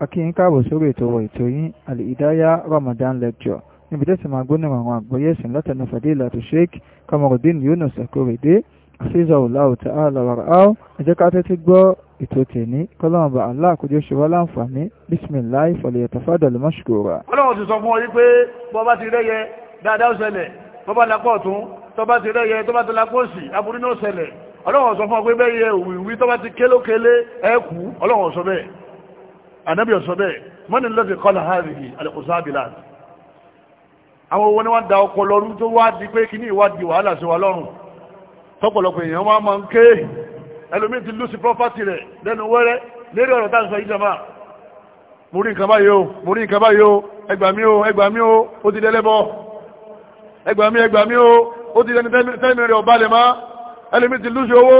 akíyín káàbọ̀ sórí ètò ọ̀rọ̀ ètò yín àlìdáyà Ramadan lecture níbi tẹ́sí máa gbóná àwọn àgbọ̀yé ẹ̀sìn látẹnu Fadilatu Sheikh Kamarudin Yunus Akorede àfihàn ọ̀làwọ̀ tá a lọ rà áwọ̀ ẹ jẹ́ ká tẹ́tí gbọ́ ètò tèmi kọ́lọ́mọba Allah àkójọ ṣe wá láǹfààní bisimilahi falyatafadal mashkura. ọlọ́run ti sọ fún ọ yí pé bọ́ bá ti rẹ́yẹ dáadáa ó ṣẹlẹ̀ bọ́ bá lakọ́ ọ̀tún tọ́ bá ti rẹ́yẹ tọ́ bá ti lakọ́ òsì aburú náà ó ṣẹlẹ̀ sọ fún ọ pé bẹ́ẹ̀ yẹ òwìwí tọ́ bá ti kélókélé ẹ̀kú ọlọ́run sọ bẹ́ẹ̀ ànábì ọ̀sọ́ bẹ́ẹ̀ mọ́ni lọ́sẹ̀ kọ́lá hàrìhì alẹ́kùsáàbìlá àwọn owó ni wọ́n da ọkọ̀ lọ́rú tó wá di pé kíní ìwádìí wàhálà sí wa lọ́rùn tọ́pọ̀lọpọ̀ èèyàn wá máa ń ké ẹlòmí ti lùsì pọ́pátì rẹ̀ lẹ́nu wẹ́rẹ́ lérí ọ̀rọ̀ táǹsọ ìjọba mo rí nǹkan báyìí o mo rí nǹkan báyìí o ẹgbà mí o ẹgbà mí o ó ti dẹ́lẹ́bọ ẹgbà mí ẹgbà mí o ó ti dẹni tẹ́mi rẹ̀ ọ̀bá lẹ̀ má ẹlòmí ti lùsì owó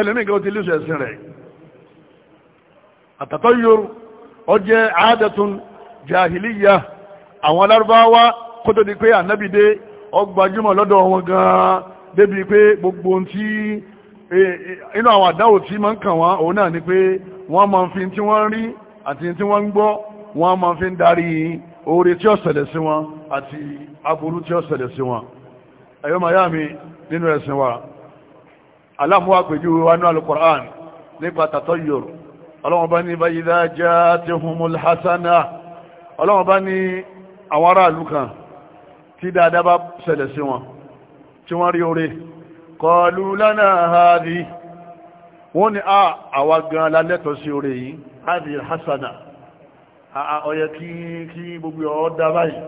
ẹlòmí nǹkan ó ti lùsì ẹ̀sìn rẹ̀ àtàtọ́yòrò ọjẹ́ àádẹ́tún jahiliya àwọn alárúbáwá kó tó di pé ànábìdé ọgbàjúmọ̀ lọ́dọ̀ wọn gan-an débi pé gbogbo tí e, e, inú àwọn àdáwò tí máa ń kàn wọ́n òun náà ni pé wọ́n máa fi tí wọ́n rí àti tí wọ́n ń gbọ́ wọ́n máa fi ń darí oore tí ó ṣẹlẹ̀ sí wọn àti aburú tí ó ṣẹlẹ̀ sí wọn ẹ̀yọ́ miami nínú ẹ̀sìn wa aláàmúwà pẹ̀lú wa ọlọ́wọ́n bá ní báyìí já tí humul hasana ọlọ́wọ́n bá ní àwọn aráàlú kan tí dáadáa bá ṣẹlẹ̀ sí wọn tí wọ́n rí oore kọlu lánà ààrí wọ́n ni àwa gan lálẹ́tọ̀ sí oore yìí ààrí hasana ọyẹ kí gbogbo ọ̀dá báyìí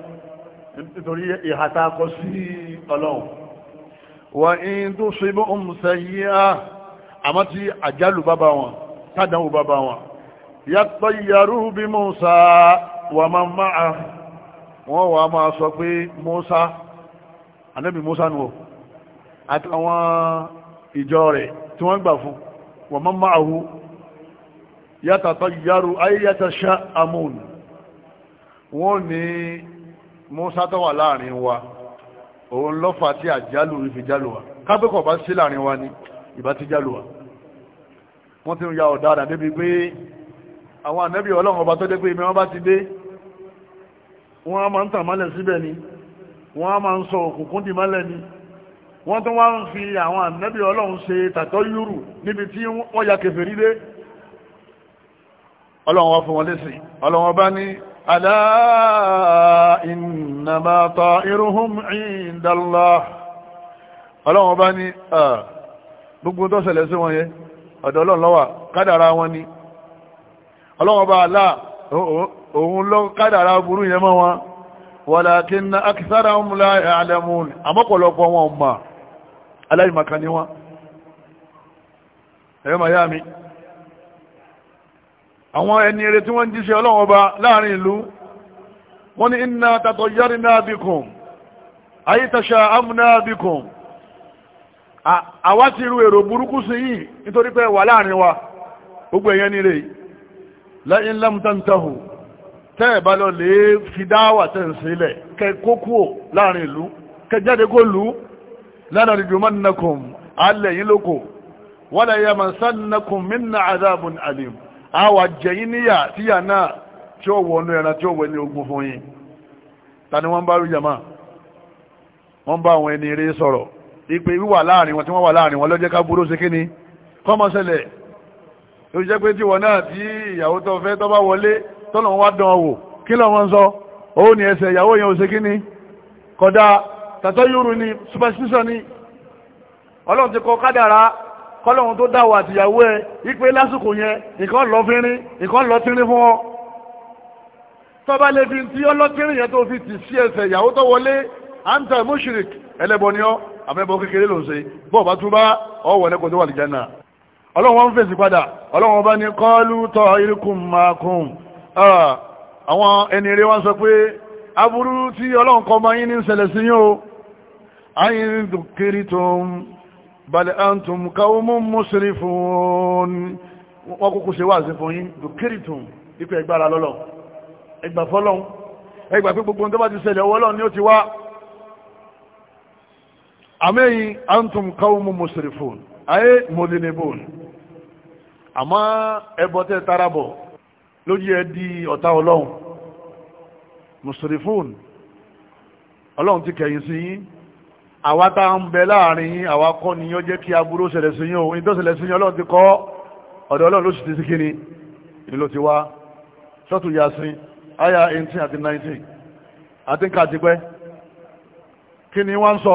nítorí ìhàtà kọ sí ọlọ́run wọ́n in tó ṣe bọ́ àmọ́ tí àjálù bá wọn tádàwò bàbá wọn yatayyaru bi Musa wa man ma'ah wọ́n wà máa sọ pé Musa anábì Musa nù àtàwọn ìjọ rẹ̀ tí wọ́n gbà fún wa man ma'ahu yatatayyaru ay yatasha'amun wọ́n ní Musa tó wà láàrin wa òun lọ́fà tí àjálù ìfi jálù wa kápẹ́kọ̀ bá sí láàrin wa ní ìbá ti jálù wa wọ́n ti ń ya ọ̀daràn débi pé àwọn ànẹ́bí ọlọ́run ọba tó dé pé ibi wọ́n bá ti dé wọ́n á máa ń tàn mọ́lẹ̀ síbẹ̀ ni wọ́n á máa ń sọ òkùnkùn di mọ́lẹ̀ ni wọ́n tó wá ń fi àwọn ànẹ́bí ọlọ́run ṣe tàtọ́ yúrù níbi tí wọ́n ya kèfèrí dé ọlọ́run wá fún wọn lẹ́sìn ọlọ́run bá ní alá ìnàmà ta'iruhum indallah ọlọ́run bá ní gbogbo tó ṣẹlẹ̀ sí wọn yẹn ọ̀dọ̀ ọlọ́run kádàrá wọn ni ọlọ́run bá òun lọ kádàrá burú yẹn mọ́ wọn walakinna aktharahum la ya'lamun àmọ́pọ̀lọpọ̀ wọn mà aláìmọ̀kan ni wọn ẹ̀yọ́ miami àwọn ẹni eré tí wọ́n jíṣẹ́ ọlọ́run láàrin ìlú wọ́n ní inna tatayyarna bikum am na bikum a ti ru èrò burúkú sí yìí nítorí pé wà láàrin wa gbogbo èyàn nílé lẹ́yìn lẹ́mùtẹ́ntẹ́hù tẹ́ẹ̀bá lọ lè fi dáwà tẹ́ǹsílẹ̀ kẹ kókó láàrin ìlú kẹ jáde kó lú lẹ́nà rìjùmọ́nàkùn alẹ́yìn lókò wọ́n lè alim wọ́n bá àwọn ẹni sọ̀rọ̀ ìpè wíwà láàrin wọn tí wọ́n wà láàrin wọn lọ́jẹ́ ká burú sí kíni kọ́mọ ṣẹlẹ̀ tó jẹ́ pé tí wọ́n náà tí ìyàwó tó fẹ́ tó bá wọlé tọ́lọ̀ wá dán wò kí lọ wọ́n sọ òun ni ẹsẹ̀ ìyàwó yẹn ò sí kíni kódà tàtọ́ yúrù ni superstition ni ọlọ́run ti kọ kádàrá kọ́lọ́run tó dáwọ̀ àtìyàwó ẹ ìpè lásìkò yẹn nǹkan lọ fínrín nǹkan lọ tínrín fún ọ tọ́ba ẹlẹ́bọ̀ ni ọ́ afẹ́bọ́ kékeré ló ń ṣe bọ́ọ̀ bá túbá ọwọ́ ní kò tó wà lè jẹ́nà ọlọ́wọ́n ń fèsì padà ọlọ́wọ́n bá ní kọ́ọ̀lù tọ́ irikun makun àwọn ẹni eré wọ́n sọ pé aburú tí ọlọ́run kọ ma yín ní ṣẹlẹ̀ sí yóò ayin dùkiri tó ń balẹ̀ antum káwọ́mú mùsùlùmí ameyi antum qawmun musrifun ayé mọ̀lẹ́nìbòn àmọ́ ẹbọ tẹ́ tarabọ̀ ló yẹ di ọ̀tá ọlọ́run ti kẹ̀yìn si yi awata tá laarin yi awa yín ni yóò jẹ́ kí o ti kọ ló sì ti aya 18 àti 19 àti kí ni sọ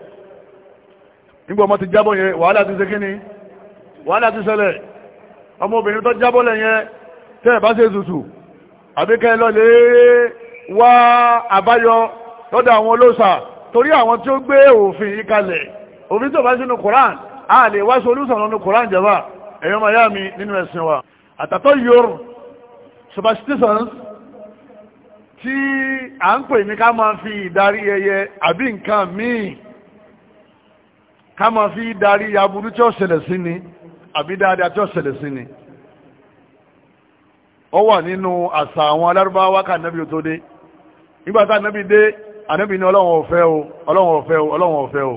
nígbà ọmọ ti jábọ̀ yẹn wàhálà ti ṣe wàhálà ti ṣẹlẹ̀ ọmọ obìnrin tó jábọ̀ lẹ̀ yẹn bá ṣe tutù àbíkẹ́ lọ lè wá àbáyọ lọ́dọ̀ àwọn olóòṣà torí àwọn tí ó gbé òfin yìí òfin tó bá sínú koran a lè wá solúsàn ní ká máa fi darí aburú tí ó ṣẹlẹ̀ sí ni àbí dáadáa tí ó ṣẹlẹ̀ sí ni ó wà nínú àṣà àwọn alárúbáwá ká nábì tó dé nígbà tá nábì dé ànábì ní ọlọ́run ò fẹ́ o ọlọ́run ò fẹ́ o ọlọ́run ò fẹ́ o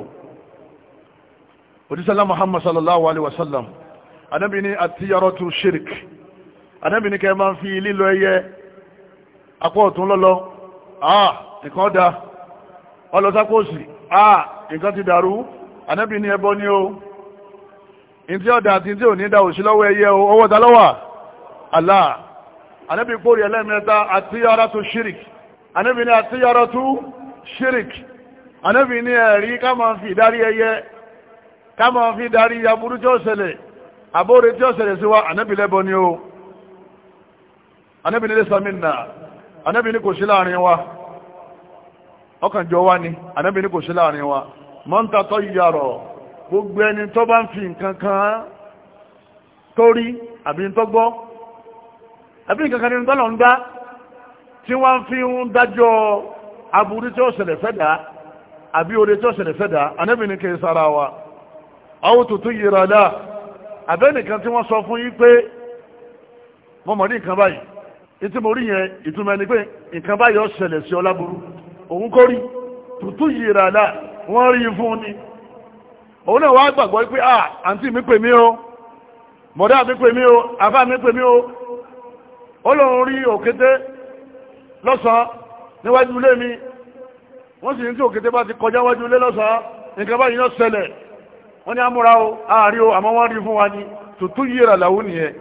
òdísàlá muhammad sallallahu alaihi wasallam ànábì ní àtiyarọ́tù shirk ànábì ní kẹ́ẹ̀ máa fi lílọ ẹyẹ apọ̀ ọ̀tún lọ́lọ́ ah nǹkan da ọlọ́sákòsì ah nǹkan ti dàrú anábì ní ẹbọ ní o ìtí ọ̀dà àti ìtí òní dá òṣì lọ́wọ́ ẹyẹ o ọwọ́ ta lọ́wọ́ Allah anábì kórè ẹlẹ́mẹ́ta àti yàrá tó shirik anábì ní àti yàrá tó shirik anábì ní ẹ̀rí ká fi darí ẹyẹ ká máa fi darí aburú tí ó ṣẹlẹ̀ àbóore tí ó ṣẹlẹ̀ sí wa anábì lẹ́bọ ní o anábì ní lẹ́sà mìnà anábì ní kò sí láàrin wa ọkàn kò sí láàrin wa mọ́ntàtọ̀ yàrọ̀ gbogbo ẹni tó bá ń fi nǹkan kan torí àbí tó gbọ́ àbí nǹkan kan nínú tọ́lọ̀ ń dá tí wọ́n fi ń dájọ́ aburú tí ó ṣẹlẹ̀ fẹ́ àbí oore tí ó ṣẹlẹ̀ fẹ́ dá anábìnrin sára wa àwọn tuntun yìí rà dáa àbẹ́nìkan tí wọ́n sọ fún yín pé mo mọ̀ ní nǹkan báyìí ìtí mo rí yẹn ìtumọ̀ ẹni pé nǹkan báyìí ó sí ọ òun kò rí tuntun wọ́n rí fún ni òun náà wá gbàgbọ́ pé à ah, àǹtí mi pè mí o mọ̀dá mi pè mí o àfá mi pè mí o ó lòun rí òkété lọ́sàn níwájú ilé mi wọ́n sì ní tí òkété bá ti kọjá wájú ilé lọ́sàn nǹkan báyìí náà ṣẹlẹ̀ wọ́n ní àmúra o àárí o àmọ́ wọ́n rí fún wa ni tòtú yíra làwọn nìyẹn